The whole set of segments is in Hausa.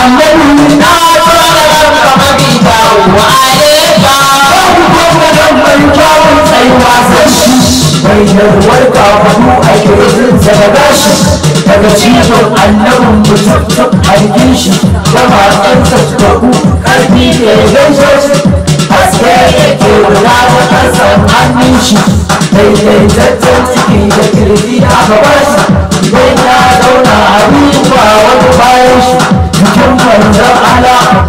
Aman na fara kabita wa aleka mai kyawun tsayuwa mai a kirjin daga shi daga cizon annabin mutum tuk harkin shi da matsan sassaku ke da ciki da a gaba shi idan ya zauna a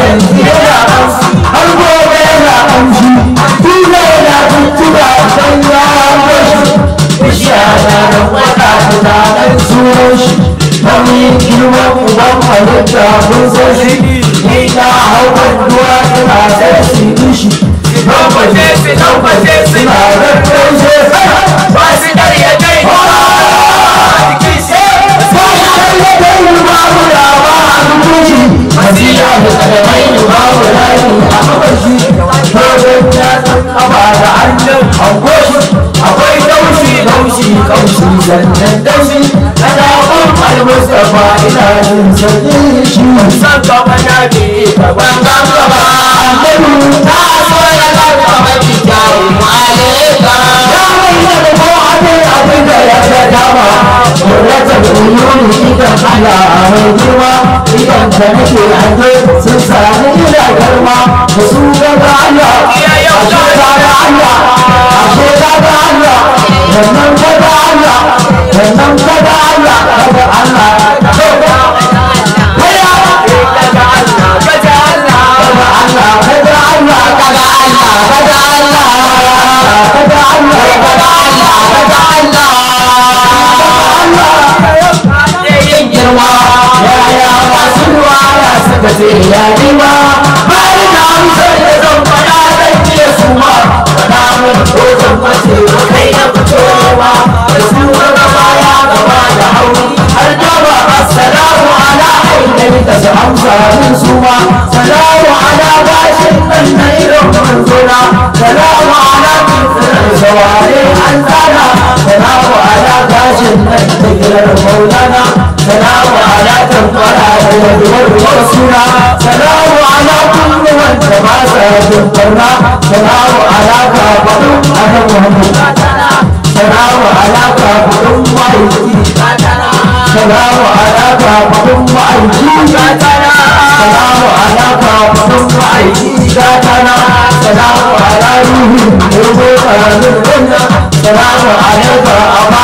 yanzu yana amshi har gobe yana amshi tuzo yana tuntuba don ya amshi bishiya na nan wata tunanin sunan shi mami girman uban halitta mun san shi ni na hawan duwa tana san shi shi tabbace tabbace suna rarrashe sana shi masila da babu layu a mabashi dogon ya da hannun hankoshi akwai taushi taushi kaushi zannan taushi ana kan almustafa ina san kama na bi gaban 你在干吗？我在有你，一个太阳的吗？你敢甜蜜的来子，是上帝的干嘛？是个太阳，哎呀呀！ba zai yaƙi ba bayan na amsar da zan faɗa zan iya suma faɗa min ko zan mace ba kai na fitowa da su sura gaba ya gaba da hauri har dawa assalamu ala ainihin da su amsa min suma salamu ala bashin nan na irin manzona salamu ala fitinar zaware an tsara salamu ala gashin nan da girar maulana والرسول سلام على كل من تماسى بالبرنا سلام على كابر أنا محمد سلام على كابر وعيدي سلام على كابر وعيدي سلام على كابر وعيدي ذاتنا سلام على روحي يوم القيامة سلام عليك أبا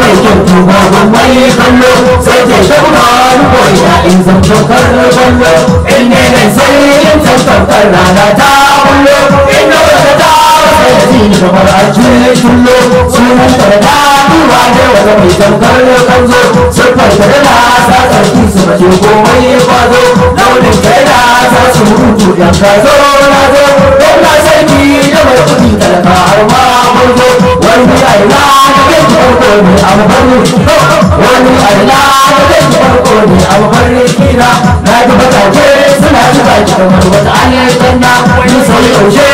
mai kin tuba ban mai kallo sai ta shauna ruwaya in zan shokar ballo in ne ne sai in tabbatar rana ta kullo? in na wata ta sai ji ni kamar a jure tullo sunan ta da duwa ne wata mai tamkar kanzo sun farka da na sa tsarki su bace komai kwazo launin kai na sa su mutu yan kazo na zo don na sai ni da mai kuɗi talaka har ma zo wani aina farko ne abu wani arna da farko ne abu farin kina na ji suna ji baki kamar wata yaushe ya ji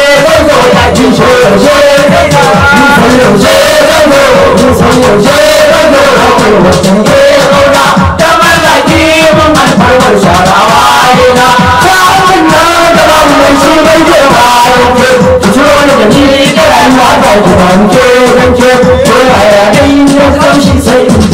yaushe yaushe ya ke ta mallaki mun ta abin nan da ba shi bai ki da ni rayuwa ta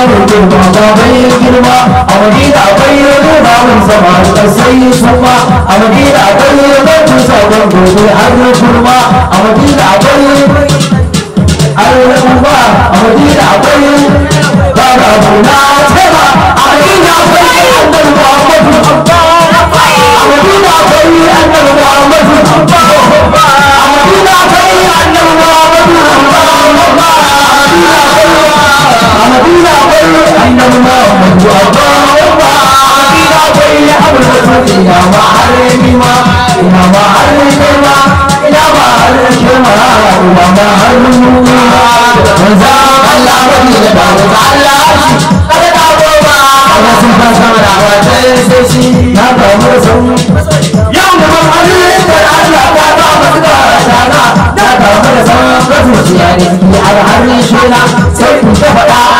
samun girma baba ya girma a madina akwai yabo babun sama da sai kuma a madina akwai yabo tun sabon gobe har na kurma a madina akwai har na kurma a madina akwai baba buna tema a madina akwai annabi muhammadu a madina akwai annabi muhammadu a madina akwai annabi muhammadu a madina Abuja akwai annabi Muhammadu Abba Abba Abuja akwai Abul Hasan ina ma harbi ma ina ma harbi ma ina ma harbi ma ina ma harbi ma Manza Allah wani da ba manza Allah shi kada ka goma kada sun ba sama da wata sai shi na ba mu sau yau da mun hali da Allah ka ba mu da shara na ba mu da sau ka zuciya Ina ki har har na sai ku ta faɗa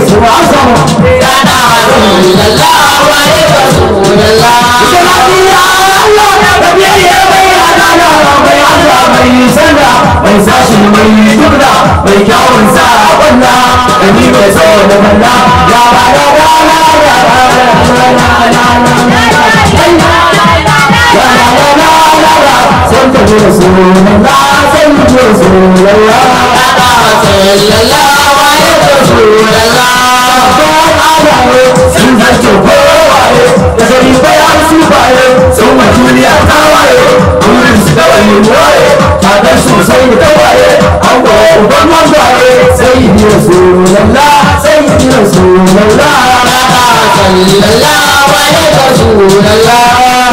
su azama ya da Allah mai mai kyawun sa wanda da ni mai so da balla ya ba da rana ya ba da rana na Sun ya da ya duniya ta waye kullum su kawai mu waye tsadar su sai mu tawaye an goye uban wangwaye sai yi rasulalla sai yi rasulalla sallallahu alaihi rasulalla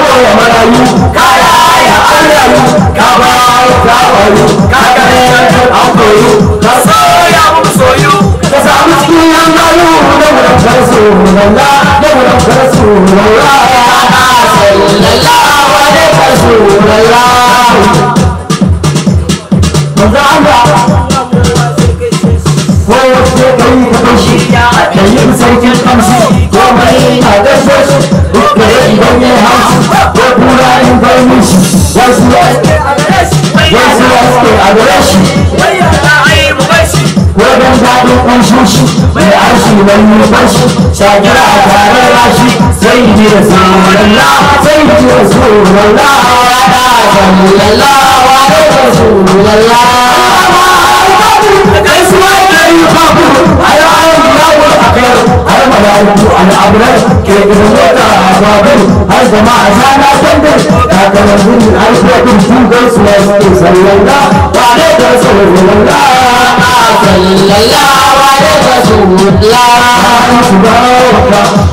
ba wa marayu ka yaya an rayu ka ba wa kawaru ka kare an koyu ka soya mu soyu ka samu cikin yan da wurin karsu lalla da wurin karsu lalla sallallahu alaihi wasallam ne haushi ko kura in bai mishi wasu ya wasu ya suke a gare shi ko don daɗin ƙunshoshi mai arshi a taron rashi sai sai kai har ma ya mutu ke gudun mota a babin har zama a sana kwandin ta kanar gudu a rikotun shugan su ne su sallan da ba ne ta sauri da wani da sallan da ba ne ta sauri da wani da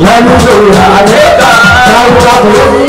ya nufin ya ne ta ta yi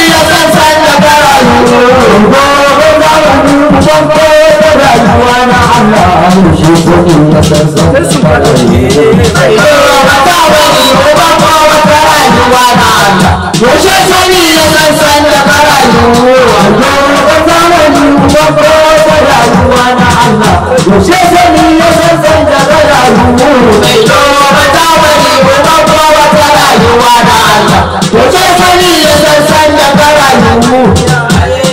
Yeah.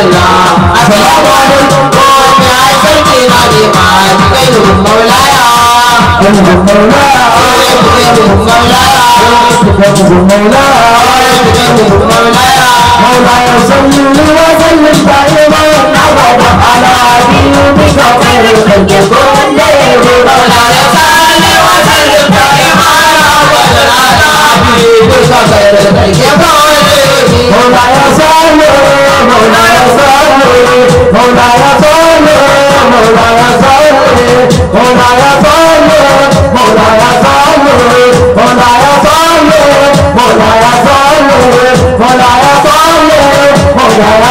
I I I'm in Thank you. Mevla'ya zorlu, Mevla'ya zorlu, Mevla'ya zorlu, Mevla'ya zorlu, Mevla'ya zorlu, Mevla'ya zorlu, Mevla'ya zorlu, Mevla'ya